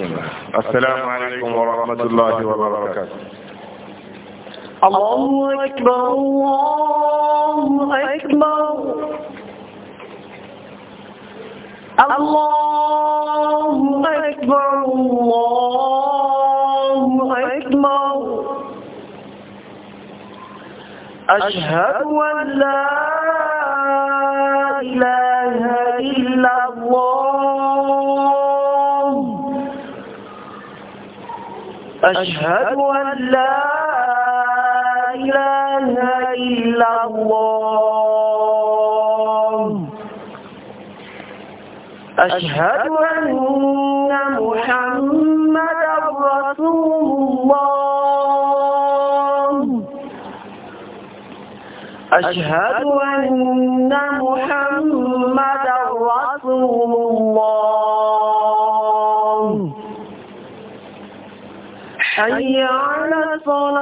السنة السلام عليكم ورحمة الله وبركاته الله أكبر الله أكبر الله أكبر الله أكبر أشهد أن لا إله إلا الله أشهد أن لا إله إلا الله أشهد أن محمد رسول الله أشهد أن محمد رسول الله حي على الصلاة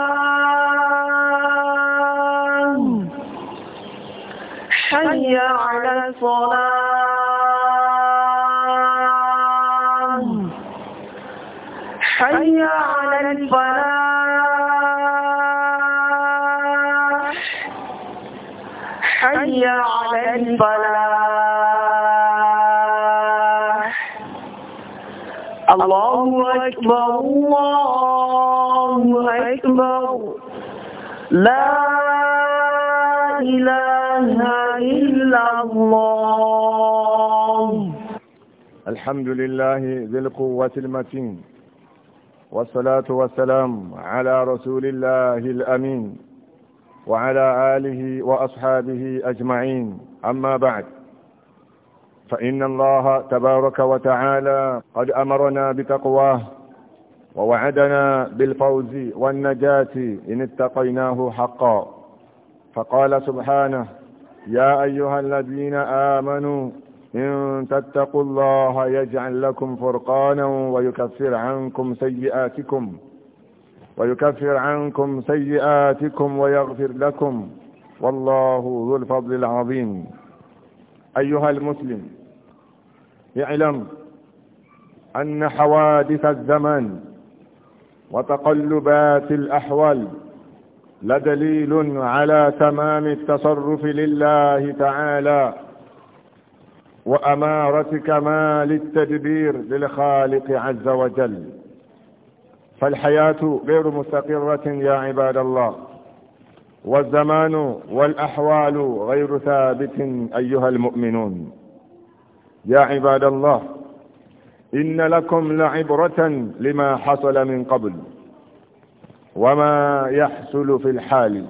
حي على الصلاة حي على الفلاح حي على الفلاح الله أكبر الله أكبر لا إله إلا الله الحمد لله ذي القوة المتين والصلاة والسلام على رسول الله الأمين وعلى آله وأصحابه أجمعين أما بعد فإن الله تبارك وتعالى قد أمرنا بتقواه ووعدنا بالفوز والنجاة إن اتقيناه حقا فقال سبحانه يا أيها الذين آمنوا إن تتقوا الله يجعل لكم فرقانا ويكفر عنكم سيئاتكم ويكفر عنكم سيئاتكم ويغفر لكم والله ذو الفضل العظيم أيها المسلم اعلم أن حوادث الزمن وتقلبات الأحوال لدليل على تمام التصرف لله تعالى وأمارة كمال التدبير للخالق عز وجل فالحياة غير مستقرة يا عباد الله والزمان والأحوال غير ثابت أيها المؤمنون يا عباد الله إن لكم لعبرة لما حصل من قبل وما يحصل في الحال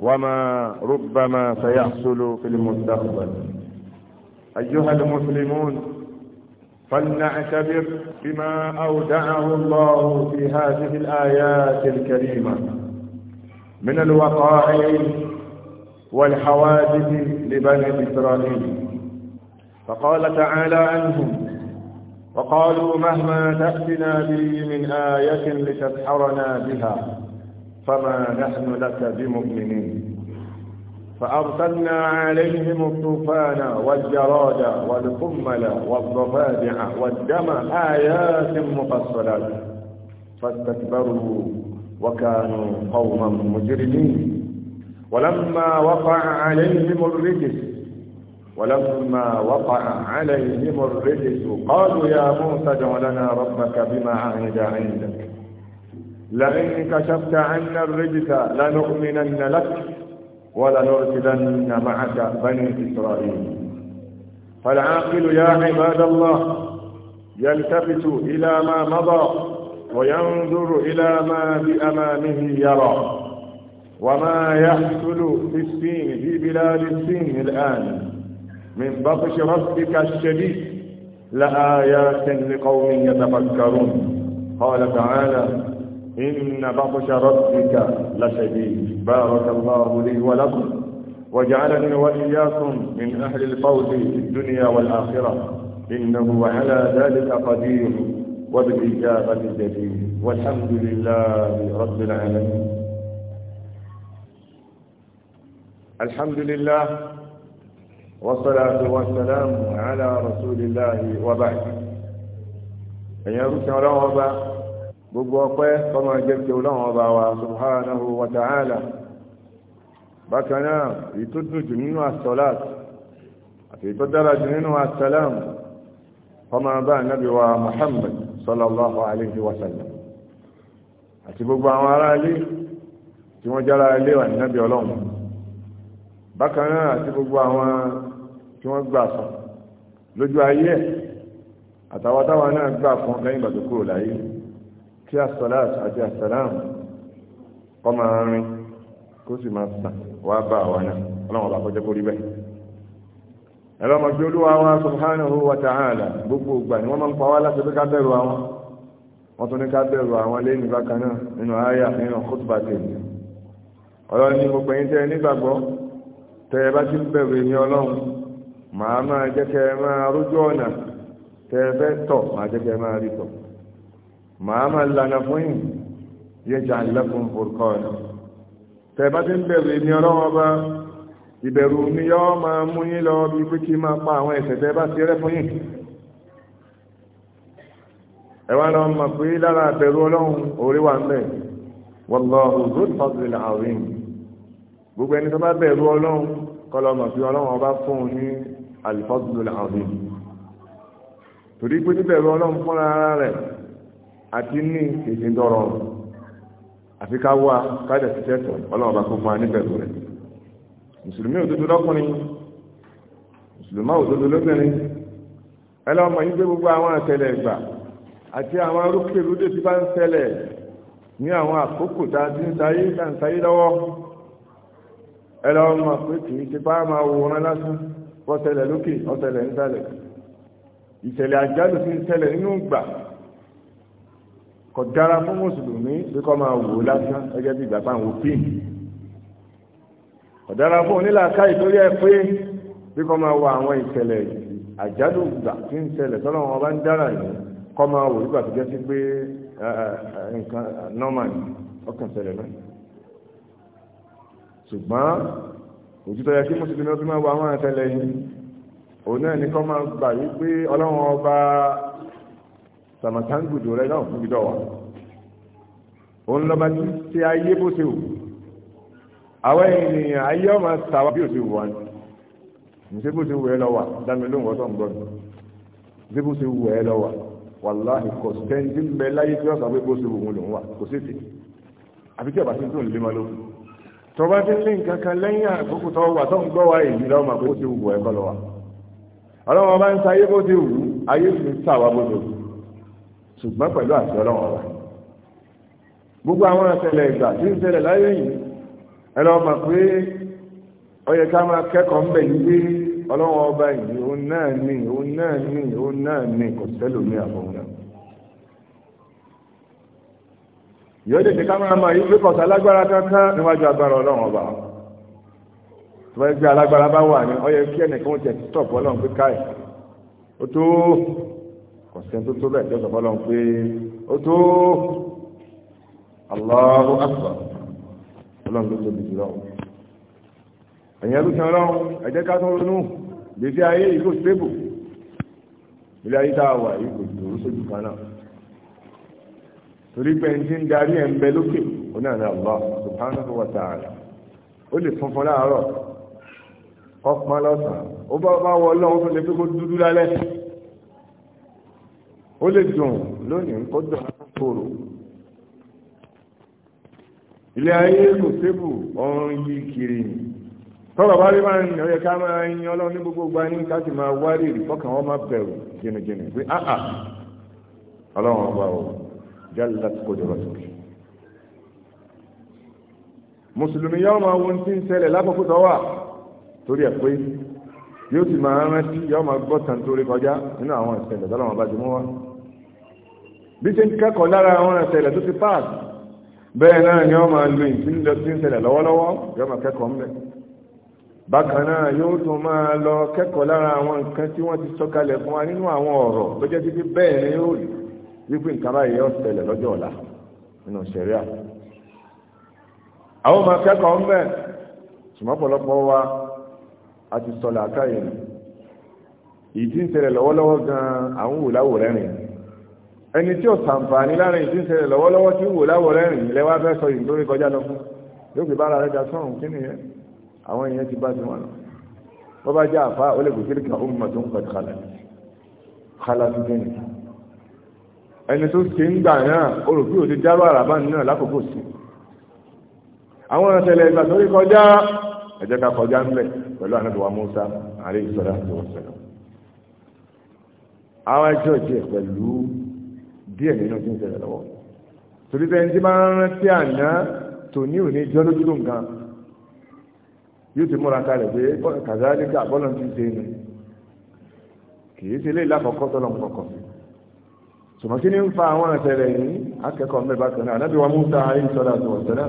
وما ربما سيحصل في المستقبل أيها المسلمون فلنعتبر بما أودعه الله في هذه الآيات الكريمة من الوقائع والحوادث لبني إسرائيل فقال تعالى عنهم وقالوا مهما تأتنا به من آية لتسحرنا بها فما نحن لك بمؤمنين فأرسلنا عليهم الطوفان والجراد والقمل والضفادع والدم آيات مفصلات فاستكبروا وكانوا قوما مجرمين ولما وقع عليهم الرجس ولما وقع عليهم الرجس قالوا يا موسى ادع لنا ربك بما عهد عندك لئن كشفت عنا الرجس لنؤمنن لك ولنرسلن معك بني إسرائيل فالعاقل يا عباد الله يلتفت إلى ما مضى وينظر إلى ما بأمامه يرى وما يحصل في الصين في بلاد الصين الآن من بطش ربك الشديد لآيات لقوم يتفكرون قال تعالى إن بطش ربك لشديد بارك الله لي ولكم وجعلني وإياكم من أهل الفوز في الدنيا والآخرة إنه على ذلك قدير وبالإجابة الجديد والحمد لله رب العالمين الحمد لله والصلاة والسلام على رسول الله وبعد ẹ̀yàn rúṣẹ́ ọlọ́wọ́ ọba gbogbo ọpẹ́ kọmọ jẹ́kẹ́ ọlọ́wọ́ ọba wa subhanahu wa ta'ala bákanáà ìtútù jù nínú as-salat àti ìtọ́dára jù nínú as-salam kọmọ bá nábi wa Muhammad sallallahu alaihi wa sallam àti gbogbo àwọn ará ilé tí wọ́n jára ilé wà nábi ọlọ́wọ́ bákanáà àti gbogbo àwọn tí wọ́n gbà fún lójú ayé ẹ̀ àtàwọn táwọn náà gbà fún lẹ́yìn ìgbà tó kúrò láyé kí asọ́láàt àti asàlámù kọ́ máa rin kó sì máa sàn wá bá àwa náà ọlọ́run ọba kọjá kó rí bẹ́ẹ̀. ẹ̀rọ ọmọ bíi olúwa wa subhanahu wa ta'ala gbogbo ìgbà ni wọ́n máa ń pa wá láti pé ká bẹ̀rù àwọn wọ́n tún ní ká bẹ̀rù àwọn lẹ́yìn bákan náà nínú àyà nínú kótóbà tèmi ọlọ́run ní gbogbo ẹ̀yin tẹ́ ẹ nígbàgbọ́ tẹ́ ẹ bá ti bẹ̀rù èmi ọlọ́run màá máa jẹ́ kẹ́ ẹ máa rójú ọ̀nà tẹ́ ẹ fẹ́ tọ̀ màá jẹ́ kẹ́ ẹ máa rí tọ̀ màá máa lànà fún yìí yẹ jà lẹ́kùn fòrùkọ́ ọ̀nà tẹ́ ẹ bá ti ń bẹ̀rù èmi ọlọ́wọ́ bá ìbẹ̀rù mi yọ́ máa mú yín lọ bí pé kí máa pa àwọn ẹ̀ṣẹ̀ tẹ́ ẹ bá ti rẹ́ fún yìí ẹ wá lọ mọ̀ pé lára ìbẹ̀rù ọlọ́run orí wà ń bẹ̀ wallahu dhul fadlil gbogbo ẹni tó bá bẹ̀rù ọlọ́run kọlọ́mọ̀ fi ọlọ́run ọba fún un ní alifọ́dúnlò làwọn torí pé níbẹ̀rù ọlọ́run fúnra ara rẹ̀ àti ní èsì dọ̀rọ̀ àfi ká wá kájà sí tẹ̀sọ̀ ọlọ́run bá kó fún wa níbẹ̀rù rẹ̀ mùsùlùmí òdodo lọ́kùnrin mùsùlùmá òdodo lóbìnrin ẹ lọ́mọ yìí gbé gbogbo àwọn àtẹlẹ ìgbà àti àwọn arúgbèrúdè tí bá ń ṣẹlẹ̀ ní àwọn àkókò tá a ti ń sáyé tá a ń sáyé lọ́wọ́ ẹ pé kì í ṣe bá máa wòran lásán kọ́sẹ̀lẹ̀ lókè ọ̀sẹ̀lẹ̀ nísàlẹ̀ ìṣẹ̀lẹ̀ àjálù sí ṣẹlẹ̀ nínú gbà kò dára fún mùsùlùmí bí kò máa wò lásán ẹgẹ́ bí ìgbà pàǹwò pín kò dára fún onílàáká ìtòrí ẹ pé bí kò máa wò àwọn ìṣẹ̀lẹ̀ àjálù gbà tí ń ṣẹlẹ̀ tọ́lọ́ wọn bá ń dára yìí kò máa wò nígbà tó jẹ́ sí pé nǹkan normal ọkàn ṣẹlẹ̀ náà ṣùgbọ́n òtítọ́ yẹ kí mùsùlùmí ó fi máa wọ àwọn àtẹlẹ yìí òun náà ní kọ́ máa gbà yí pé ọlọ́run ọba sàmàtàǹgùdù rẹ náà fún ìdọ̀wà òun lọ́ba tí ṣe ayé bó ṣe wù àwọn ènìyàn ayé ọmọ sàwà bí ó ṣe wù wá ní ṣe bó ṣe wù ẹ lọ́wà dámi lóhùn ọ̀tọ̀ ń gbọ́ mi ṣe bó ṣe wù ẹ lọ́wà wàláhì kò sẹ́ńdí ń tí wọ́n sọ bó ṣe wù wọn lòún wà kò sí tó bá ti ní nǹkan kan lẹ́yìn àkókò tó wà tó ń gbọ́ wa èyí lọ́mọ pé ó ti wù ẹ̀kọ́ lọ wa ọlọ́wọ́n bá ń sa ayé bó ti wù ayé sì ń ṣùgbọ́n pẹ̀lú àti wa gbogbo àwọn ìgbà tí ń láyé yìí pé ó ká máa kẹ́kọ̀ọ́ ń bẹ̀ yí pé ọlọ́wọ́n ọba yìí òun náà ní òun náà ní yóò lè fi kámẹ́rà máa yí pé kọ̀ọ̀sì alágbára kankan níwájú agbára ọlọ́run ọba tó bá gbé alágbára bá wà ní ọyẹ kí ẹnìkan ó jẹ stop ọlọ́run pé káì ó tó kọ̀sẹ̀ tó tó bẹ́ẹ̀ tọ́sọ̀ ọlọ́run pé ó tó Allahu Akbar ọlọ́run ló tóbi jùlọ ẹ̀yìn ẹlú sàn ọlọ́run ẹ̀jẹ̀ ká tó ronú gbèsè ayé yìí kò stable ilé ayé tá a wà yìí kò dòrú sójú kan náà torí pé ẹni tí ń darí ẹ̀ ń bẹ lókè ó náà ní Allah subhanahu wa ta'ala ó lè funfun láàárọ̀ ọpọn lọ́sàn-án ó bá bá wọ ọlọ́run tó lè fi kó dúdú lálẹ́ ó lè dùn lónìí kó dùn kóró ilé ayé kò sébù ọ̀run yí kiri ni tọ́lọ̀ bá rí máa ń yọ yẹ ká máa ń yan ọlọ́run ní gbogbo gba ní ká sì máa wárìrì fọ́kàn wọn máa bẹ̀rù jìnnìjìnnì pé áà ah, ah, ọlọ́run ọba o jallat qudratuk mùsùlùmí yóò máa wo ti ń ṣẹlẹ̀ lákòókò tó wà torí ẹ̀ pé yóò sì máa rántí yóò máa gbọ́ tàn torí kọjá nínú àwọn ìṣẹ̀lẹ̀ tó lọ́wọ́ bá ti mú wa bí ṣe ń kẹ́kọ̀ọ́ lára àwọn ìṣẹ̀lẹ̀ tó ti pass bẹ́ẹ̀ náà ni wọ́n máa lo ìpínlẹ̀ lọ sí ìṣẹ̀lẹ̀ lọ́wọ́lọ́wọ́ yóò máa kẹ́kọ̀ọ́ ńbẹ̀ bákan náà yóò tún máa lọ kẹ́kọ̀ọ́ lára wípé nǹkan báyìí yóò ṣẹlẹ̀ lọ́jọ́ ọ̀la nínú sẹ̀ríà àwọn ọmọ akẹ́kọ̀ọ́ ń bẹ̀ ṣùgbọ́n ọ̀pọ̀lọpọ̀ wa a ti sọlẹ̀ àkáyè nù èyí tí ń ṣẹlẹ̀ lọ́wọ́lọ́wọ́ gan-an àwọn wò láwò rẹ́rìn ẹni tí ò sàǹfààní láàrin èyí tí ń ṣẹlẹ̀ lọ́wọ́lọ́wọ́ tí wò láwò rẹ́rìn lẹ́wọ́ fẹ́ sọ yìí lórí kọjá lọ fún yóò fi bára rẹ̀ ga sọ́hùn kí nìyẹn àwọn èèyàn ti bá ti wọn lọ bọ́ bá jẹ́ àfa ó lè kò sí ìkà ó mọ̀ tó ń pẹ̀ kálá kálá tó dé nìyẹn ẹni tó ṣe ń gbà náà orùkú ò ti dáró àràbá náà lákòókò sí àwọn ọ̀sẹ̀lẹ̀ ìgbà tó rí kọjá ẹ jẹ́ ká kọjá ń bẹ̀ pẹ̀lú ànádùwà Musa àrí ìsọ̀rọ̀ àti ọ̀sẹ̀lẹ̀ àwọn ẹjọ́ ìjẹ́ pẹ̀lú díẹ̀ nínú tí ń ṣẹlẹ̀ lọ́wọ́ torí pé ẹni tí máa ń rántí àná tòní òní jọ́ lójú tó nǹkan yóò ti múra kalẹ̀ pé kàzá ní ká bọ́lọ̀ ti ṣe é nu kì í ṣe lé ìlà kọ̀ọ̀kọ́ tọ́lọ̀ kọ̀ọ̀kọ̀ sí ṣùgbọ́n kí ni ń fa àwọn àṣẹrẹ yìí akẹ́kọ̀ọ́ mẹ́bàá kan náà anábìwá Musa ayé sọ́dà tó wọ̀sẹ̀dá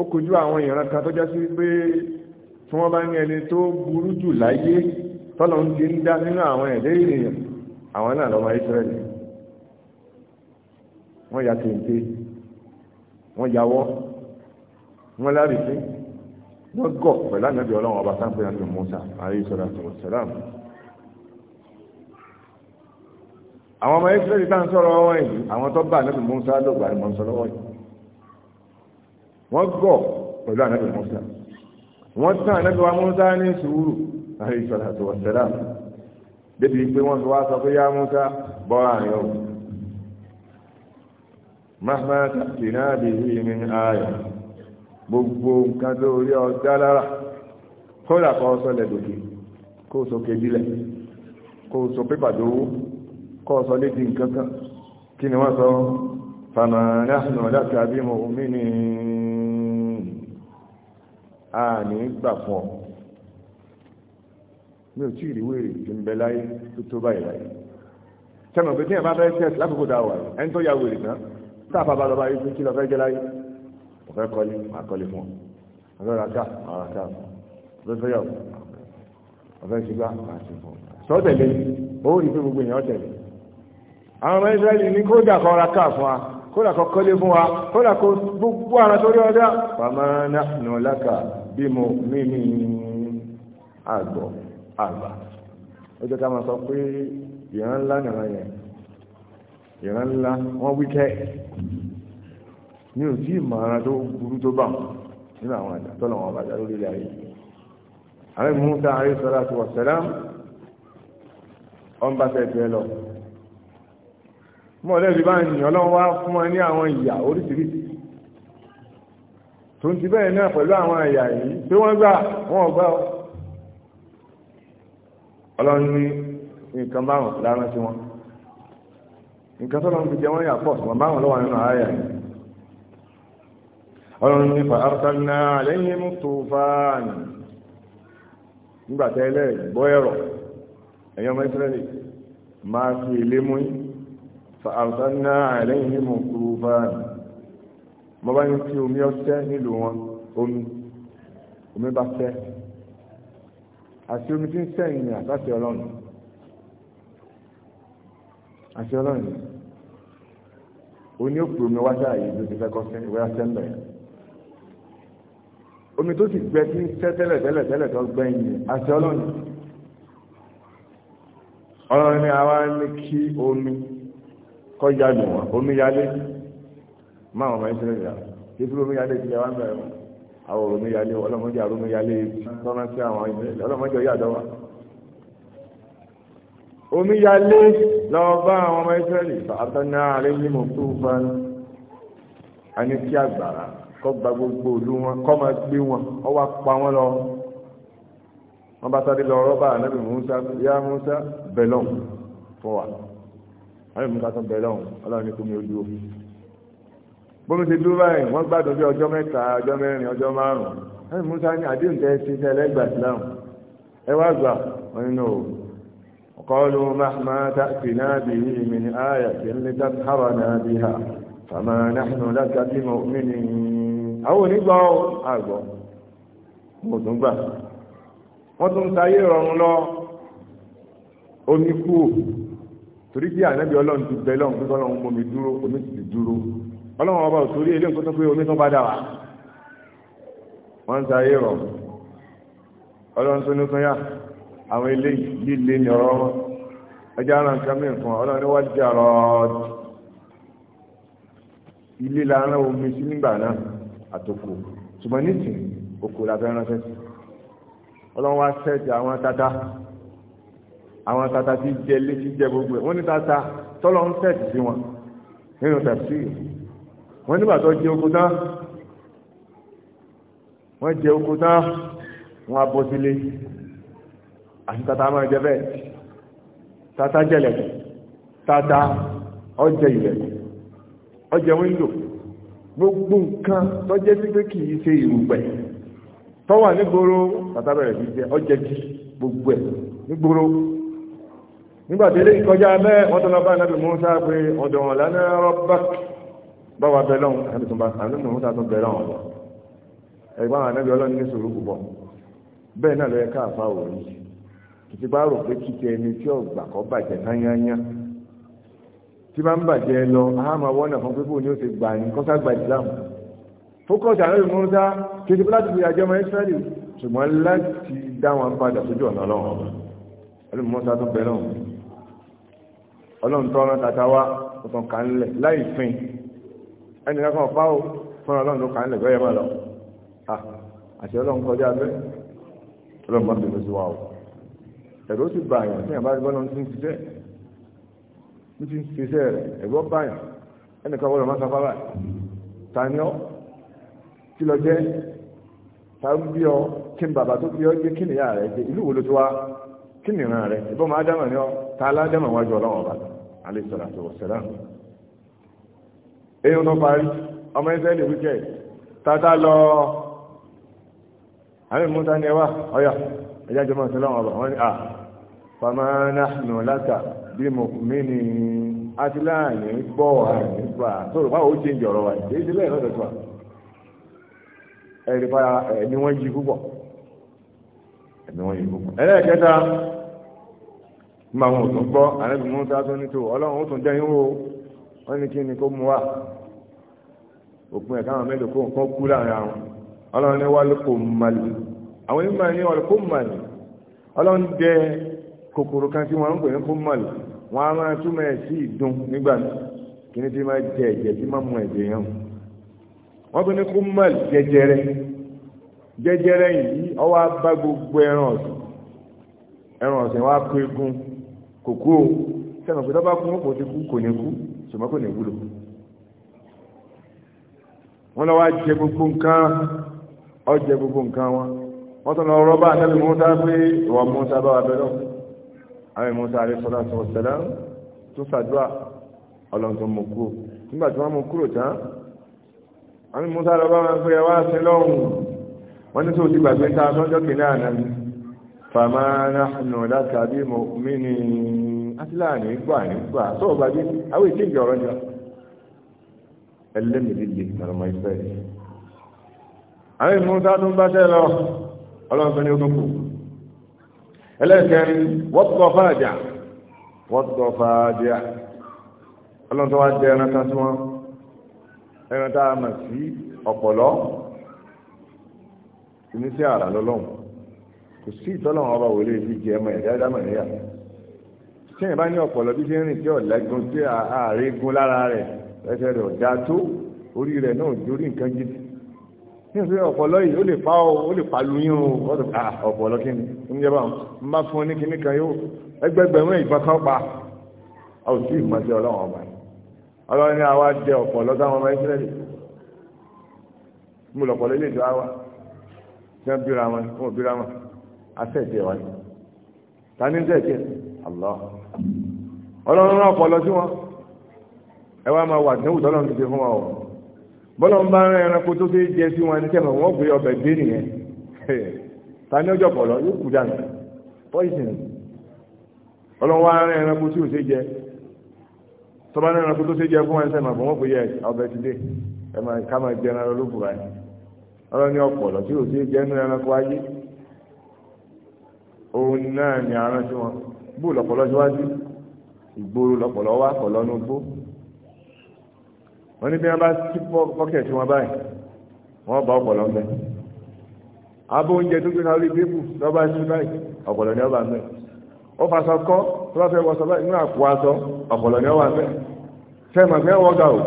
ó kojú àwọn èèyàn kan tó jásí pé tí wọ́n bá ní ẹni tó burú jù láyé tọ́lọ̀ ń di ń dá nínú àwọn ẹ̀dẹ́ ènìyàn àwọn náà lọ́mọ Ísírẹ́lì wọ́n ya kente wọ́n yawọ́ wọ́n lárí sí wọ́n gọ̀ pẹ̀lú ànábì ọlọ́run ọba sáńpẹ́ àti Musa ayé sọ́dà tó wọ̀sẹ̀dá àwọn ọmọ israẹli tá à ń sọ̀rọ̀ wọn yìí àwọn tó bá ànábì Mùsá lògbà ni mò ń sọ lọ́wọ́ yìí wọ́n gọ̀ pẹ̀lú ànábì Mùsá wọ́n tán ànábì wa Mùsá ní sùúrù alayhi salatu wa salam débi pé wọ́n fi wá sọ pé yá Mùsá bọ́ àyọ̀ mahma tàkìnà bihi min aya gbogbo nǹkan tó rí ọjà lára kó làkọ́ sọ lẹ́dọ̀kì kó sọ kedilẹ̀ kó sọ pépà tó wú kọ́ lédi nǹkankan kí ni wọ́n sọ fama nahnu laka bi mu'minin a ní gbà fún ọ mi ò tí ì rí bẹ láyé tó tó báyìí láyé sẹ́mi òbí tí yẹn bá fẹ́ tẹ̀sí lákòókò dá wà ẹni tó ya wèrè tán tá bá lọ bá kí lọ fẹ́ jẹ láyé mo fẹ́ kọ́lé màá kọ́lé fún ọ mo fẹ́ ra ká màá ra ká mo ṣe fún ọ sọ́tẹ̀lé ó rí pé gbogbo èèyàn tẹ̀lé àwọn ọmọ israẹli ní kódà kọ ra káà fún wa kódà kọ kọ́lé fún wa kódà kọ gbogbo ara tó rí ọdá pàmánà nù lákà bí mo mímí àgbọ̀ àgbà ó jẹ́ ká máa sọ pé ìran ńlá nìran yẹn ìran ńlá wọ́n wíkẹ́ ní ò tí ìmọ̀ràn tó burú tó bá nínú àwọn àjà tọ́lọ̀ wọn bàjá lórí ilẹ̀ ayé àwọn ìmúta àrísọ́lá ti wọ̀ sẹ́lá ọ̀n bá lọ mọ̀lẹ́bí bá ń ọlọ́run wá fún wa ní àwọn ìyà oríṣiríṣi tó ń ti bẹ́ẹ̀ náà pẹ̀lú àwọn ìyà yìí tí wọ́n gbà wọ́n gbà ọ́ ọlọ́run ní nǹkan báwọn lára sí wọn nǹkan tọ́lọ́run fi jẹ wọ́n yà pọ̀ ṣùgbọ́n báwọn lọ́wọ́ nínú ààyè yìí ọlọ́run ní fa arsalna alayhim tufan nígbà tẹ́lẹ̀ gbọ́ ẹ̀rọ ẹ̀yọ́ mẹ́sírẹ́lì máa fi ilé mú yín fàárùsánná àlẹ́yìn mọ̀ kúrú báyìí mo bá ní kí omi ọ̀sẹ̀ nílùú wọn omi omi bá fẹ́ àti omi tí ń sẹ́yìn ní àtàtì ọlọ́run àti ọlọ́run oní òpè omi wájà yìí ló ti fẹ́ kọ́ sẹ́yìn wẹ́yà sẹ́ńdọ̀ omi tó ti gbẹ tí ń sẹ́ tẹ́lẹ̀ tẹ́lẹ̀ tẹ́lẹ̀ tó gbẹ̀yìn àti ọlọ́run ọlọ́run ni àwa ní kí omi kọ́ ya lù wọ́n omíyalé má wọn máa ń ṣẹlẹ̀ yà kí fúlù omíyalé ti lẹ̀ wá ń bẹ̀rẹ̀ wọn àwọn omíyalé ọlọ́mọdé àrùn omíyalé tọ́nà sí àwọn ìbẹ̀rẹ̀ ọlọ́mọdé ọyá àdọ́wà omíyalé lọ bá àwọn ọmọ Ísírẹ́lì àtọ́nà ààrẹ ní mo tó bá a ní kí àgbàrá kọ́ gba gbogbo òlu wọn kọ́ máa gbé wọn ọ wá pa wọn lọ wọn bá sáré lọ rọ́bà ànábì Musa yá Musa bẹ̀lọ́m fún wa ọlọ́run nípa tó ń bẹ̀rẹ̀ ọ̀hún ọlọ́run ní kó mi ò dúró bómi ti dúró báyìí wọ́n gbádùn bí ọjọ́ mẹ́ta ọjọ́ mẹ́rin ọjọ́ márùn-ún ẹ̀yìn musa ní àdéhùn tẹ́ ṣe tẹ́ lẹ́gbàá síláàmù ẹ wá gbà wọn nínú o kọlu mahma tàbí náà bí mi ní àyà tí ń lè dábàrà náà bí ha fàmà náà láti bí mo mi ní àwọn onígbà ọ àgbọ mo tún gbà wọn tún ta ayé rọrùn lọ torí bí ànábì ọlọ́run ti bẹ lọ́run pípọ́ lọ́run mọ́ mi dúró omi ti ti dúró ọlọ́run ọba òtórí ilé nǹkan tó pé omi tó padà wá wọ́n ń sáré rọ̀ ọlọ́run tó ní fún yá àwọn ilé líle ní ọ̀rọ̀ wọn ẹjẹ́ ara nǹkan mí nǹkan ọlọ́run wá jà rọ̀ ilé la rán omi sí nígbà náà àtòkò ṣùgbọ́n nísìnyí òkò la fẹ́ ránṣẹ́ sí ọlọ́run wá sẹ́ẹ̀tì àwọn tata àwọn tata ti jẹ ilé ti jẹ gbogbo ẹ̀ wọ́n ní tata tọ́lọ́ ń fẹ̀tì sí wọn nínú tàbí wọ́n nígbà tó jẹ oko tán wọ́n jẹ oko tán wọ́n abọ́ sílé àti tata máa jẹ bẹ́ẹ̀ tata jẹlẹ̀ tata ọjẹ ilẹ̀ ọjẹ wíńdò gbogbo nǹkan tó jẹ́ sí pé kìí ṣe ìrùpẹ̀ tó wà nígboro tata bẹ̀rẹ̀ sí jẹ ọjẹ jí gbogbo ẹ̀ nígboro nígbàtí ilé ìkọjá bẹ́ẹ̀ wọ́n tọ́lọ bá nàbì Musa pé ọ̀dọ̀ wọn lánà rọ́bàk báwa bẹ̀ lọ́hùn àbí tó bá àbí Musa tó bẹ̀ lọ́hùn ọ̀dọ̀ ẹgbẹ́ àwọn anábì ọlọ́ni ní sòrò púpọ̀ bẹ́ẹ̀ náà ló yẹ ká àfa òòrùn títí bá rò pé kíkẹ ẹni tí ọgbà kọ́ bàjẹ́ tányányá tí bá ń bàjẹ́ lọ àmà wọ́nà fún pípò ní ó ti gbà ní kọ́sá gbà Islam ọlọ́run tó rán tata wá ọ̀tàn kà ń lẹ̀ láì fin ẹni kankan pa ó fún ọlọ́run tó kà ń lẹ̀ bẹ́ẹ̀ máa lọ àti ọlọ́run kọjá abẹ́ ọlọ́run bá bẹ̀rẹ̀ sí wa o ẹ̀rọ sì bá àyàn tí àbá gbọ́dọ̀ ti ń ṣiṣẹ́ ń ti ń ṣiṣẹ́ rẹ̀ ẹ̀gbọ́ bá àyàn ẹni kan wọ́n máa sáfárà ta ni kí lọ jẹ́ ta bí ọ kí n bàbá tó bí ọ jẹ́ kí nìyá rẹ̀ jẹ́ ìlú wo ló ti wá kí nìran rẹ̀ ìbọn máa dámà ni ọ́ ta aládẹ́mọ̀ wájú ọlọ́wọ́n ọba alẹ́ sọ̀rọ̀ àti ọ̀sẹ̀lá èèyàn tó parí ọmọ ẹsẹ̀ lè tata lọ àmì mọ́ta ni ẹ wá ọ̀yà ẹ̀yà jọmọ́ ọ̀sẹ̀ lọ́wọ́n ọba wọ́n ní à fama nahnu bí mo mí ni gbà tó rò lẹ́yìn lọ́dọ̀ tó nígbà wọn ò tún gbọ́ àrẹ́bì mọ́ta tó ní tó ọlọ́run ó tún dẹ́yìn wò wọ́n ní kí ni kó mú wa òpin ẹ̀ka àwọn mélòó kó nǹkan kú láàrin àwọn ọlọ́run ní wà lóko mmalì àwọn onímọ̀ ní wà lóko mmalì ọlọ́run dẹ kòkòrò kan tí wọ́n ń pè ní kó mmalì wọ́n á máa túmọ̀ ẹ̀ sí ìdun nígbà kí ni tí máa jẹ ẹ̀jẹ̀ tí máa mú ẹ̀jẹ̀ yẹn wọ́n tún ní kó mmalì jẹjẹrẹ jẹjẹrẹ yìí ọwọ́ abá gbogbo ẹran ọ̀sìn ẹran ọ̀sìn wọn kó egun kò kú o sẹ́nu pé dábàá kún ọ̀pọ̀ ti kú kò ní kú ṣùgbọ́n kò ní wúlò wọ́n lọ́wọ́ jẹ gbogbo nǹkan ọjẹ gbogbo nǹkan wọn wọ́n tọ́ lọ rọ́bà àtẹ́lẹ̀ mọ́tà pé ìwà mọ́tà bá wà bẹ́lọ́ àwọn mọ́tà rẹ̀ sọ́dá sọ sẹ́lẹ̀ tó ṣàdúrà ọlọ́run mọ̀ kúrò nígbà tí wọ́n mú kúrò tán àwọn mọ́tà lọ́bà wọn pé wá sí lọ́hùn wọ́n ní tó ti gbàgbé ta sọ́jọ́ kìnìún àná fàmà náà láta bí mo mí ní asíláàní gbà nígbà tó o bá dé àwọn ètò ìjọ ọ̀rọ̀ jọ ẹlẹ́mìlélẹ̀ ọmọ ìfẹ́ àwọn ìmúta tó ń bá tẹ́ lọ ọlọ́run tó ní ogun kù ẹlẹ́kẹrin wọ́pọ̀ fàájà wọ́pọ̀ fàájà ọlọ́run tó wá jẹ́ ẹran kan tí wọ́n ẹran tá a mọ̀ sí ọ̀pọ̀lọ́ ìmísí àrà lọ́lọ́run kò sí ìtọ́lọ́wọ́n ọba wòlé ibi jẹ ẹmọ ẹ̀dá ẹ̀dá mọ̀lẹ́yà tí ẹ̀ bá ní ọ̀pọ̀lọ́ bí ṣe ń rìn tí ọ̀lẹ́gun tí ààrẹ gun lára rẹ̀ ẹsẹ̀ rẹ̀ ọ̀dá tó orí rẹ̀ náà dórí nǹkan gidi ní ìfẹ́ ọ̀pọ̀lọ́ yìí ó lè pa ọ́ ó lè palu yín o ah, ọ̀pọ̀lọ́ kí ni ń jẹ́ bá ń bá fún ní kíní kan yóò ẹgbẹgbẹ̀rún ìbọn kan pa a ò sí ìmọ̀sí ọlọ́run ọba ọlọ́run ní àwa jẹ ọ̀pọ̀lọ́ táwọn ọmọ ìsírẹ́lì mú lọ̀pọ̀lọ́ ilé ìjọ àwa tí wọ́n bíra wọn wọ́n bíra wọn asẹ́ẹ̀tì ẹ̀ wáyé ta ní sẹ́ẹ̀tì ẹ̀ Allah ọlọ́run náà pọ̀ lọ sí wọn ẹ wá máa wà níwùú tọ́lọ́run ti fún wa o bọ́lá ń bá rán ẹranko tó fi jẹ sí wọn ní tẹ́lẹ̀ wọ́n gbé ọbẹ̀ dé nìyẹn ta ní ọjọ́ pọ̀ lọ yóò kú dànù poison ọlọ́run wá rán ẹranko tí ò ṣe jẹ tọ́ba náà ẹranko tó ṣe jẹ fún wọn ní gbé ọbẹ̀ ti dé ẹ máa ká máa jẹ ẹran ọlọ́run òun náà ni àrùn wọn bụ lọ́pọ̀lọ́ síwájú ìgboro lọ́pọ̀lọ́ wá pọ̀lọ́ ní ogbó wọ́n ní bí wọ́n bá sí báyìí wọ́n bá ọ̀pọ̀lọ́ ń abó oúnjẹ tó gbé bíbù lọ́ba sí báyìí ọ̀pọ̀lọ́ ni ọba ń bẹ ó faṣọ kọ́ tó bá fẹ́ wọṣọ báyìí nínú àpò aṣọ ọ̀pọ̀lọ́ ni ọba ń bẹ fẹ́ mọ̀ fẹ́ wọ́gà o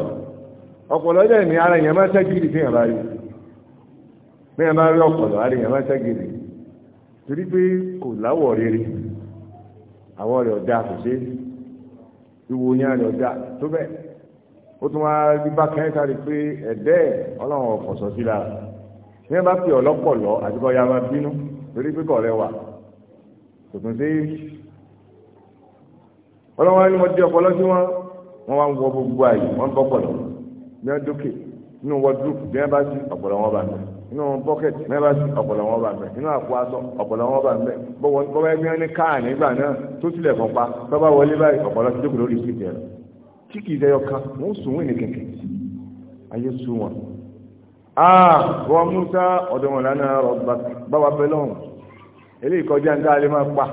ọ̀pọ̀lọ́ dẹ̀ ara èèyàn fi torí pé kò láwọ̀ rere àwọ̀ rẹ̀ ọ̀dà kò ṣe wíwo yẹn rẹ̀ ọ̀dà tó bẹ́ẹ̀ ó tún wáá rí bákan ẹ̀ka rí pé ẹ̀dẹ́ ọlọ́run ọ̀fọ̀sọ̀ sí la ní bá pè ọlọ́pọ̀lọ́ àti kọ́ ya máa bínú torí pé kọ̀ rẹ̀ wà kò tún sí ọlọ́run ẹni mo dé ọpọlọ sí wọn wọn wá ń wọ gbogbo àyè wọn bọ́ pọ̀lọ́ bí wọn dókè nínú wọ́dúrúkù bí wọn bá sí ọpọlọ wọn bá náà inú pocket mẹ́bàsì ọ̀pọ̀lọ̀ wọn bá ń bẹ̀ inú àpò aṣọ ọ̀pọ̀lọ̀ wọn bá ń bẹ̀ bọ́wọ́ ẹgbẹ́ ní káà nígbà náà tó tilẹ̀ kan pa bábá wọlé báyìí ọ̀pọ̀lọ̀ ti dókòó lórí ìsìnkú ẹ̀rọ tí kì í dẹyọ kan wọ́n sùn wọ́n ní kẹ̀kẹ́ ayé sú wọn. aa ah, wọ́n mú sá ọ̀dọ̀ wọn lánàá ọba báwa bẹ lọ́hùn eléyìí kọjá ń dáa lé máa pa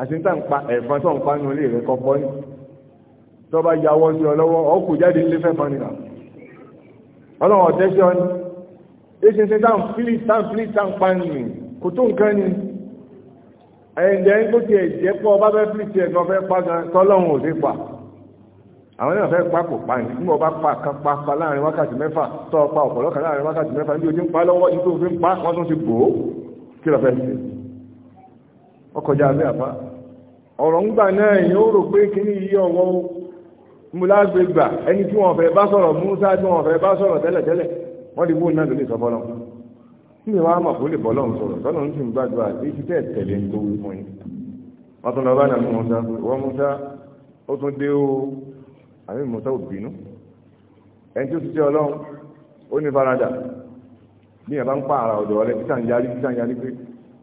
àti níta ń pa ẹ̀fọn tó ń pa nínú ilé rẹ̀ kọ́kọ́ ní tọ́ba yà wọ́n sí ọ lọ́wọ́ ọkùnjáde ilé fẹ́ fọ́nìyà ọlọ́run ọ̀tẹ́sí ọ ní ṣeṣe táwọn fílì táwọn fílì táwọn pàánì kò tó nǹkan ni ẹ̀yẹ̀dẹ̀ tó ti ẹ̀jẹ̀ pọ̀ bá fẹ́ fílì tiẹ̀ kan fẹ́ pa gan tọ́lọ́run ò sí pa àwọn náà fẹ́ pa kò pa nígbà ọba pa kan pa pa láàrin wákàtí mẹ́fà tọ́ pa ọ̀pọ̀lọpọ̀ láàrin wákàtí mẹ́fà níbi ojú ń pa lọ́wọ́ ibi òfin pa wọ́n tún ti bò ó kí lọ fẹ́ ṣe ọkọjá abẹ́ àbá ọ̀rọ̀ ń gbà náà èyàn ó rò pé kí ní iye ọwọ́ mú lágbègbà ẹni tí wọ́n fẹ́ bá sọ̀rọ̀ Músà tí wọ́n fẹ́ bá sọ̀rọ̀ tẹ́lẹ̀tẹ́lẹ̀ wọ́n ti bóun náà ló lè sọ bọ́lọ́ kí ni wàá mọ̀ kó lè bọ́lọ́ sọ̀rọ̀ tọ́lọ́ ń sìn gbàdúrà èyí ti tẹ̀ tẹ̀lé ń tó wí fún yín wọ́n tún lọ bá nàá Mùsá wọ́n Mùsá ó tún dé o àbí Mùsá ò bínú ẹni tó ti tẹ Ọlọ́run ó ní faradà bí yẹn bá ń pa ara ọ̀dọ̀ ọ̀lẹ́ títà ń yarí títà ń yarí pé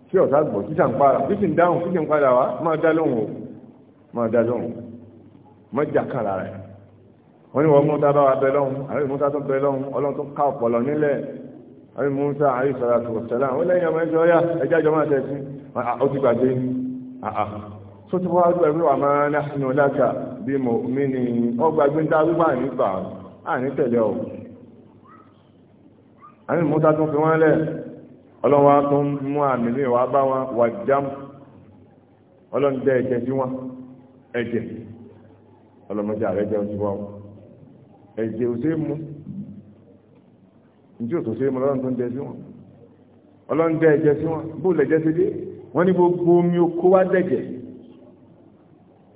tí ọ̀sá gbọ̀ títà ń para títì ń dáhùn títì ń padà wá máa dá lóhùn o máa dá lóhùn o má lára ẹ̀ wọ́n ní wọ́n mú tábà wà bẹ́ẹ̀ lọ́hùn àwọn ìmúta tó bẹ́ẹ̀ lọ́hùn ọlọ́run tó ká ọ̀pọ̀lọ nílẹ̀ àwọn ìmúta àyè sọ̀rọ̀ àtọ̀sẹ̀lá àwọn lẹ́yìn ọmọ ẹjọ́ yá ẹjá jọ máa tẹ̀sí ó ti gbàgbé tó ah, ah. ti wá gbà wíwà máa násìnú láta bí mo mí ni ó gbàgbé ń dá wíwà nígbà àní tẹ̀lé ọ̀ àwọn ìmúta tó fi wọ́n lẹ̀ ọlọ́wọ́ tó ń mú àmì ní ìwà bá wọn wà jám ọlọ́run jẹ́ ẹ̀jẹ̀ sí wọn ẹ̀jẹ̀ ọlọ́mọdé àrẹ́jẹ́ ó ti wọ́n ẹ̀jẹ̀ ò ṣe mú njẹ́ òtò ṣe mú ọlọ́run tó ń jẹ sí wọn ọlọ́run jẹ́ ẹ̀jẹ̀ sí wọn bó lẹ̀jẹ̀ ṣe dé wọ́n ní gbogbo omi oko wá dẹ̀jẹ̀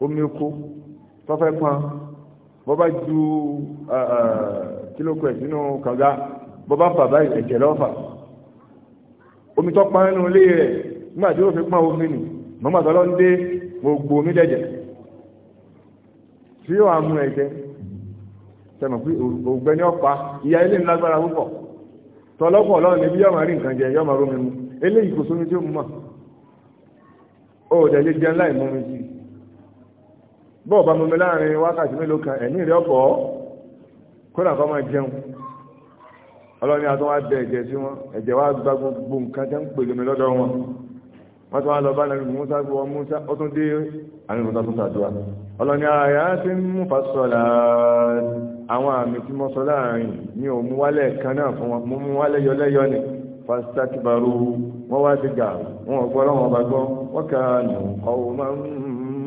omi oko tọ́fẹ́ pọn bọ́bá ju kílókù ẹ̀ sínú kànga bọ́bá bàbá ẹ̀jẹ̀ lọ́fà omi tó pọn nínú ilé rẹ̀ nígbà tí ó fi pọn omi nù mọ́mọ́tọ́lọ́ ń dé gbogbo omi dẹ̀jẹ̀ tí yóò á ẹ̀jẹ̀ sẹ́mọ̀ pé ògbẹ́ni ọ̀pá ìyá ilé ńlágbára púpọ̀ tọ́lọ́pọ̀ ọlọ́run níbi yọ́mọ̀ rí nǹkan jẹ yọ́mọ̀ rómi mu eléyìí kò sómi tí ó mú mọ̀ ó dẹ̀ lé jẹun láì mú mi sí bọ́ọ̀ bá mú mi láàrin wákàtí mélòó kan ẹ̀mí rẹ̀ ọ̀pọ̀ kódà kọ́ máa jẹun ọlọ́run ni a tó wá bẹ ẹ̀jẹ̀ sí wọn ẹ̀jẹ̀ wá gba gbogbo nǹkan tẹ́ ń pèlè mi lọ́dọ̀ wọn wọ́n lọ bá nàbí Musa gbọ́ Musa ó tún dé àmì tún sàdúrà ọlọ́ni àyà ti ń mú fasọ́lá àwọn àmì tí mo sọ láàrin ní òun wálẹ̀ kan náà fún wọn mú wálẹ̀ yọlẹ́yọ ni fásitàkìbàrú wọ́n wá ti gà wọn ò gbọ́rọ̀ wọn bá gbọ́ wọ́n kà nù ọ̀hún máa ń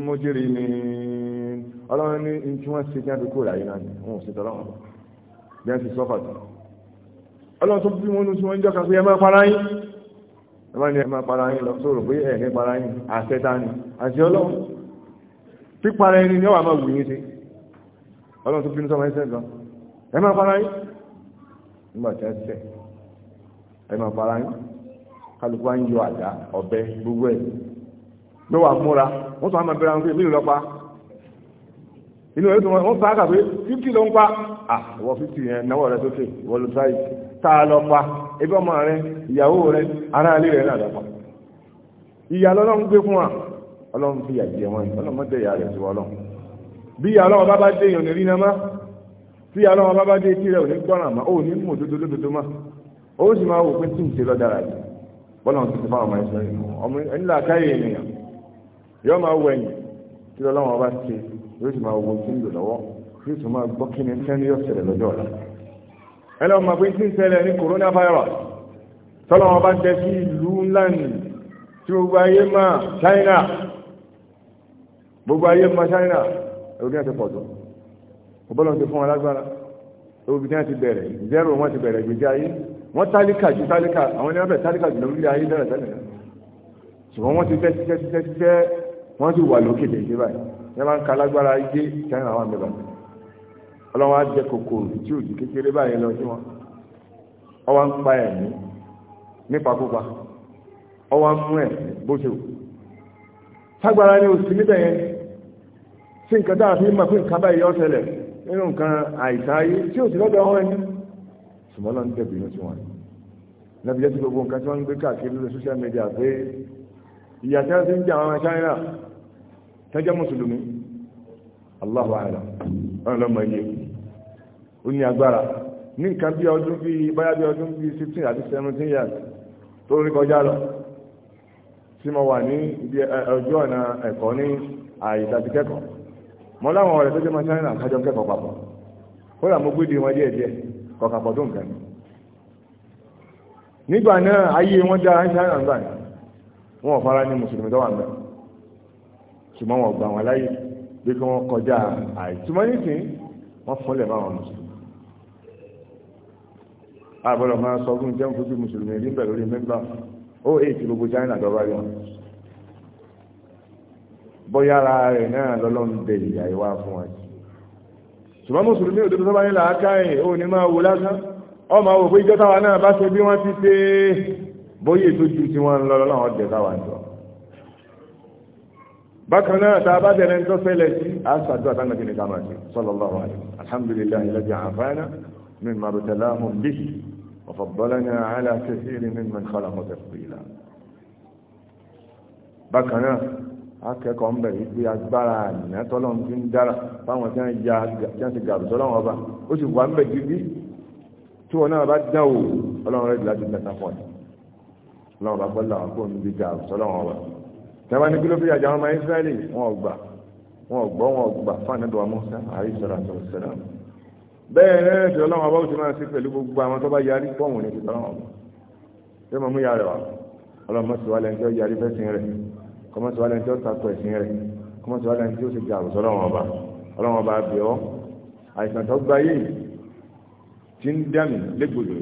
mójúri ni ọlọ́run ní ní tí wọ́n ní ẹ máa para yín lọ sóòrò pé ẹ̀ ní para yín àṣẹta ni àṣẹ ọlọ́run ni ọwà máa wù yín sí ọlọ́run tó bínú sọmọ ẹsẹ̀ gan ẹ máa para yín nígbà tí ẹ máa para yín kálukú wa ń yọ àdá ọ̀bẹ gbogbo ẹ̀ ló wà múra sọ inú pa yẹn náwó sókè tá a lọ ẹbí ọmọ rẹ ìyàwó rẹ ará ilé rẹ náà lọ́pàá ìyà lọ́lọ́run gbé fún wa ọlọ́run fi àjẹ wọn ọlọ́run mọ́tẹ́ ìyá rẹ̀ sí wọn lọ́run bí ìyà ọlọ́run bá bá dé èèyàn nìrí náà má tí ìyà ọlọ́run bá bá dé etí rẹ̀ ò ní gbọ́ràn má ò ní mú òdodo lódodo má ó sì máa wò pé tí ń ṣe lọ́dára yìí bọ́lọ́run ti fi fáwọn ọmọ ẹ̀sọ́ yìí ọmọ ẹni bá ṣe máa ń lò lọ́wọ́ yóò sì máa gbọ́ kí ẹlẹ́ ọmọ pé tí ń ní coronavirus tọ́lọ́ wọn bá jẹ sí ìlú ńlá nì tí gbogbo ayé ma China gbogbo ayé ma China ẹ̀rọ ní àti pọ̀tọ̀ ọbọ̀lọ́n ti fún wọn lágbára ẹ̀rọ bí ti bẹ̀rẹ̀ zero wọn ti bẹ̀rẹ̀ gbèjì ayé wọn tálíkà ju tálíkà àwọn ẹni wọn bẹ̀ tálíkà jù lórí ayé bẹ̀rẹ̀ tẹ́lẹ̀ ṣùgbọ́n wọ́n ti tẹ́ tẹ́ tẹ́ tẹ́ wọ́n ti wà lókè dèjì ọlọ́wọ́n á jẹ kòkòrò tí òjì kékeré báyìí lọ sí wọn ọwọ́ ń pa ẹ̀mí nípakúpa ọwọ́ ń mú ẹ̀ bó ṣe wù tágbára ni òsì níbẹ̀ yẹn sí nǹkan tá a fi mọ̀ pé nǹkan báyìí yọ ṣẹlẹ̀ nínú nǹkan àìsàn ayé tí òsì lọ́dọ̀ wọn ni ṣùgbọ́n lọ́n tẹ̀bí inú sí wọn lẹ́bi jẹ́ sí gbogbo nǹkan tí wọ́n ń gbé káàkiri lórí social media pé ìyà tí wọ́n ti ń jẹ àwọn China tẹ́jọ́ mùsùlùmí Allahu a'lam ọ̀rọ̀ lọ́mọ iye ó ní agbára ní nǹkan bí ọdún bí báyá bí ọdún bí 15 àti 17 years tó rí kọjá lọ tí mo wà ní ibi ọjọ́ ọ̀nà ẹ̀kọ́ ní ààyè tàbí kẹ́kọ̀ọ́ mo láwọn ọ̀rẹ́ tó jẹ́ mọ́ China kájọ kẹ́kọ̀ọ́ papọ̀ kódà mo gbéde wọn díẹ̀ díẹ̀ kọkàpọ̀ tó nǹkan nígbà náà ayé wọn dára ní China nígbà náà wọn ò fara ní mùsùlùmí tó wà náà ṣùgbọ́n wọn gbà wọn láyé bí kí wọ́n kọjá àìtúmọ̀ nísìnyí wọ́n fúnlẹ̀ bá mùsùlùmí àbọ̀rọ̀ máa sọ fún jẹun fojú mùsùlùmí rí bẹ̀rẹ̀ lórí mẹ́mbà ó èyí gbogbo china dọ́bà yọ bóyá ara rẹ̀ náà lọ́lọ́run bẹ ìyá ìwá fún wa ṣùgbọ́n mùsùlùmí òdodo sọ́bà ní làákàyè ó ní máa wò lásán ọmọ àwọn òpó ìjọ táwa náà bá ṣe bí wọ́n ti ṣe bóyá ètò ju tí wọ́n lọ lọ́wọ́ ọ̀dẹ̀ táwa ń bákan náà tá bá dẹ̀rẹ̀ ń tọ́ sí àṣàdúrà tánà kí ni ká máa ṣe sallallahu alaihi alhamdulillahi alladhi afana min ma وفضلنا على كثير ممن خلق تفضيلا بكنا akẹ́kọ̀ọ́ ń bẹ̀rẹ̀ pé agbára àná tọ́lọ́run ti ń dára fáwọn tí wọ́n ya tí wọ́n ti gàrú tọ́lọ́run ọba ó sì wà ń bẹ̀ gidi tí wọn náà bá dán o ọlọ́run rẹ̀ láti tẹ̀sán pọ̀ ní ọlọ́run bá gbọ́ làwọn kò ní bí gàrú tọ́lọ́run ọba tí wọ́n bá ní kí ló fi ọmọ Ísírẹ́lì wọn ò gbà wọn ò gbọ́ wọn ò gbà fún ànábẹ́wà Mùsá àríṣọ́ra sọ̀rọ̀ sẹ́lẹ̀ bẹ́ẹ̀ náà ṣe ọlọ́run ọba ó ti máa ṣe pẹ̀lú gbogbo àwọn tó bá yarí pọ̀wọ̀n ní ìtọ́lọ́run ọba ṣé mo mú yàrá wa ọlọ́run mọ̀sí wa lẹ́ńtí ó yarí fẹ́sìn rẹ̀ kọ́mọ̀sí wa lẹ́ńtí ó takò ẹ̀sìn rẹ̀ kọ́mọ̀sí wa lẹ́ńtí ó ṣe jà àrùsọ ọlọ́run ọba ọlọ́run ọba bẹ̀ ọ́ àìsàn tó gba yìí ti ń dẹ́mi légbodò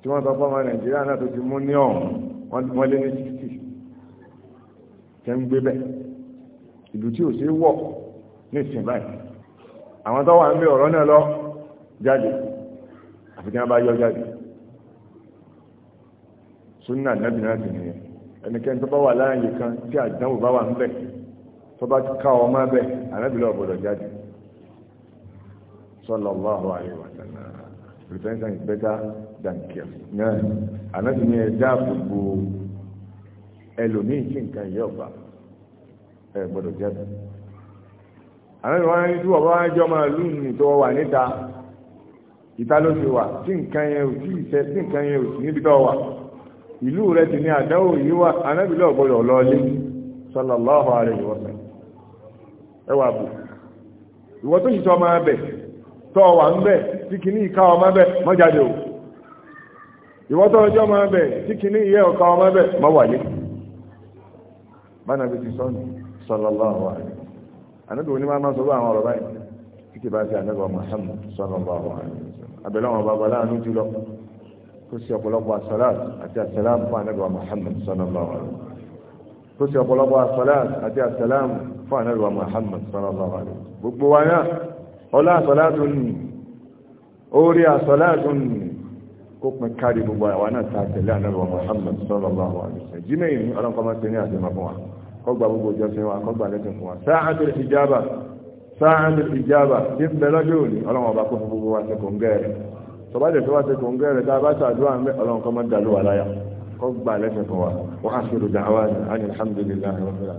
tí wọ́n sọ fún ọmọ nàìjíríà náà tó ti mú ní ọ̀hún wọ́n lé ní àwọn tó wà ń bí ọ̀rọ̀ náà lọ jáde àfi bá yọ jáde súnà nàbì náà ẹnikẹ́ni tó bá wà láàyè kan tí àdánwò bá wà ń bẹ̀ tó bá ká ọ má bẹ̀ ọ̀bọ̀dọ̀ jáde sallallahu alaihi wa sallam prevention is better àwọn ìwà ní tí bàbá wọn jọ máa lù ní tó wà níta ìta ló ti wà tí nǹkan yẹn ò tí tí níbi tó wà ìlú rẹ ti ní àdánwò yìí wà anábìlẹ̀ ọ̀gbọ́dọ̀ lọ́ọ́lé bù ìwọ tó yìí ń bẹ tí kìíní ìka ọmọ o ìwọ tó ọjọ tí kìíní ìyẹ ọka ọmọ bánàbí ti ànábì òní máa sọ àwọn ọ̀rọ̀ báyìí títí bá ṣe ànábì Muhammad sallallahu alaihi wasallam abẹ́lẹ́ àwọn bàbá láàánú jùlọ kó sí ọ̀pọ̀lọpọ̀ asọ́láàt àti asọ́láàm fún ànábì Muhammad sallallahu alaihi wasallam kó sí ọ̀pọ̀lọpọ̀ asọ́láàt àti asọ́láàm fún ànábì Muhammad sallallahu alaihi wasallam gbogbo wa náà ọlá asọ́láàtù ni orí asọ́láàtù ni kó pin kárí gbogbo àwọn náà ta tẹ̀lé ànábì Muhammad sallallahu alaihi wasallam kọgbà gbogbo ìjọsìn wa kọgbà lẹ́sìn fún wa sáàtì ìjábà sáàtì ìjábà tí ń bẹ lọ́jọ́ òní ọlọ́run ọba kó fún gbogbo wa ṣe kò ń gẹ́rẹ̀ tọba jẹ́ tó wá ṣe kò tá a bá ṣàdúrà ń bẹ ọlọ́run kọ́ mọ́ dàlú wa láyà kọgbà lẹ́sìn fún wa wọ́n á ṣe rò dáhàwá ní alhamdulilayi wa sallam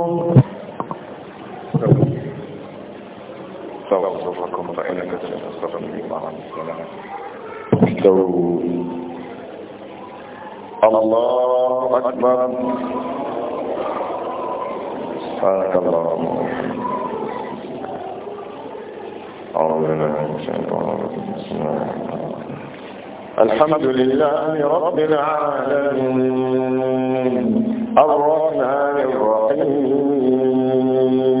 أستغفركم فإنك تستغفر الله الله أكبر سبحانك اللهم الله الحمد لله رب العالمين الرحمن الرحيم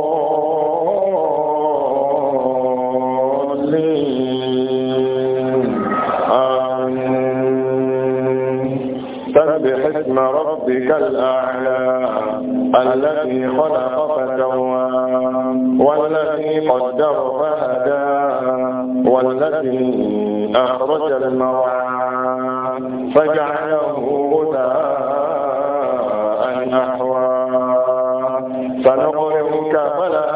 ربك الأعلى الذي خلق فسوى والذي قدر فهدى والذي أخرج المرعى فجعله هدى أحوى سنقرئك فلا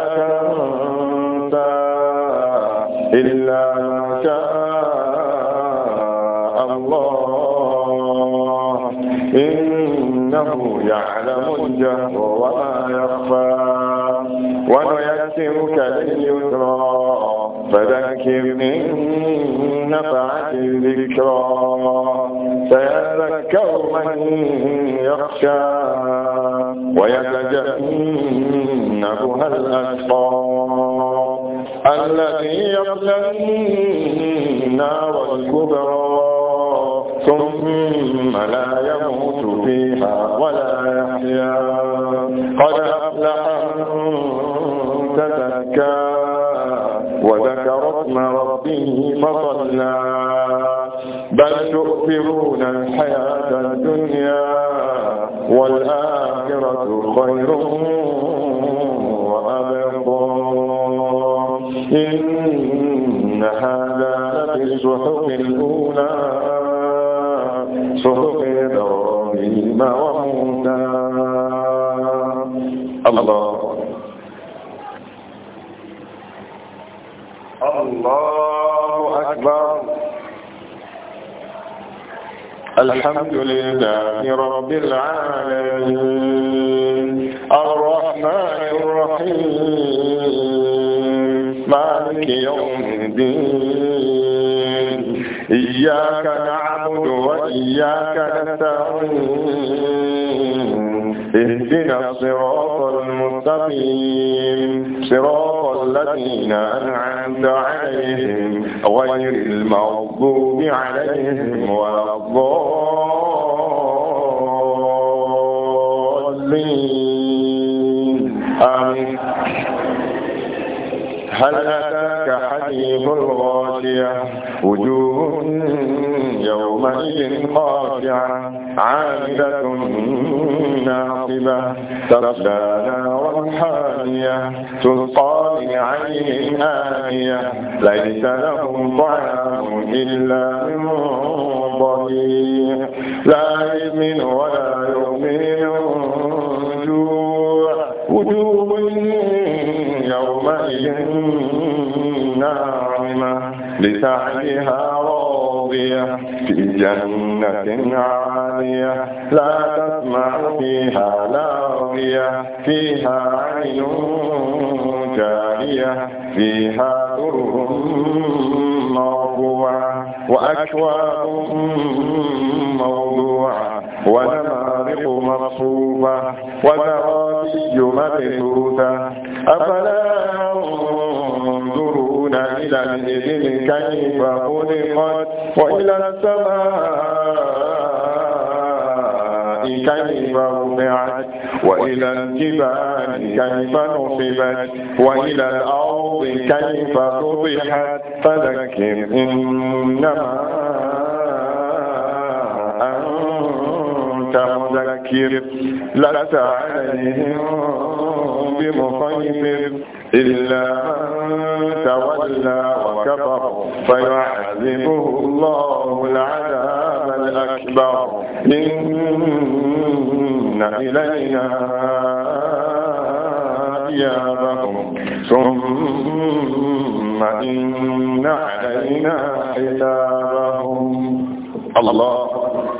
تنسى إلا إنه يعلم الجهر وما يخفى ونيسرك لليسرى فذكر إن نفعت الذكرى سيذكر من يخشى ويتجنبها الأشقى الذي يصلى النار الكبرى ثم لا يموت فيها ولا يحيا قد أفلح من تزكى وذكر اسم ربه فصلى بل تؤثرون الحياة الدنيا والآخرة خير وأبقى إن هذا في الصحف الأولى صحف إبراهيم وموسى الله الله أكبر الحمد لله رب العالمين الرحمن الرحيم مالك يوم الدين إياك نعبد وإياك نستعين اهدنا الصراط المستقيم صراط الذين أنعمت عليهم غير المغضوب عليهم ولا الضالين آمين هل أتاك تخيف الغاشية وجوه يومئذ خاشعة عاملة ناصبة تصلى نارا حامية تلقى من عين آنية ليس لهم طعام إلا من ضريع لا يؤمن ولا يؤمن وجوه يومئذ ناعمة لسعيها راضية في جنة عالية لا تسمع فيها لاغية فيها عين جارية فيها در وأكواب موضوعة ونمارق مرصوبة وزرابي مبثوثة أفلا ينظرون إلى الإبل كيف خلقت وإلى السماء كيف رفعت وإلى الجبال كيف نصبت وإلى الأرض كيف طرحت فذكر إنما أنت مذكر لست عليهم بمصيبر إلا من تولى وكفر فيعذبه الله العذاب أكبر إن إلينا إيابهم ثم إن علينا حسابهم الله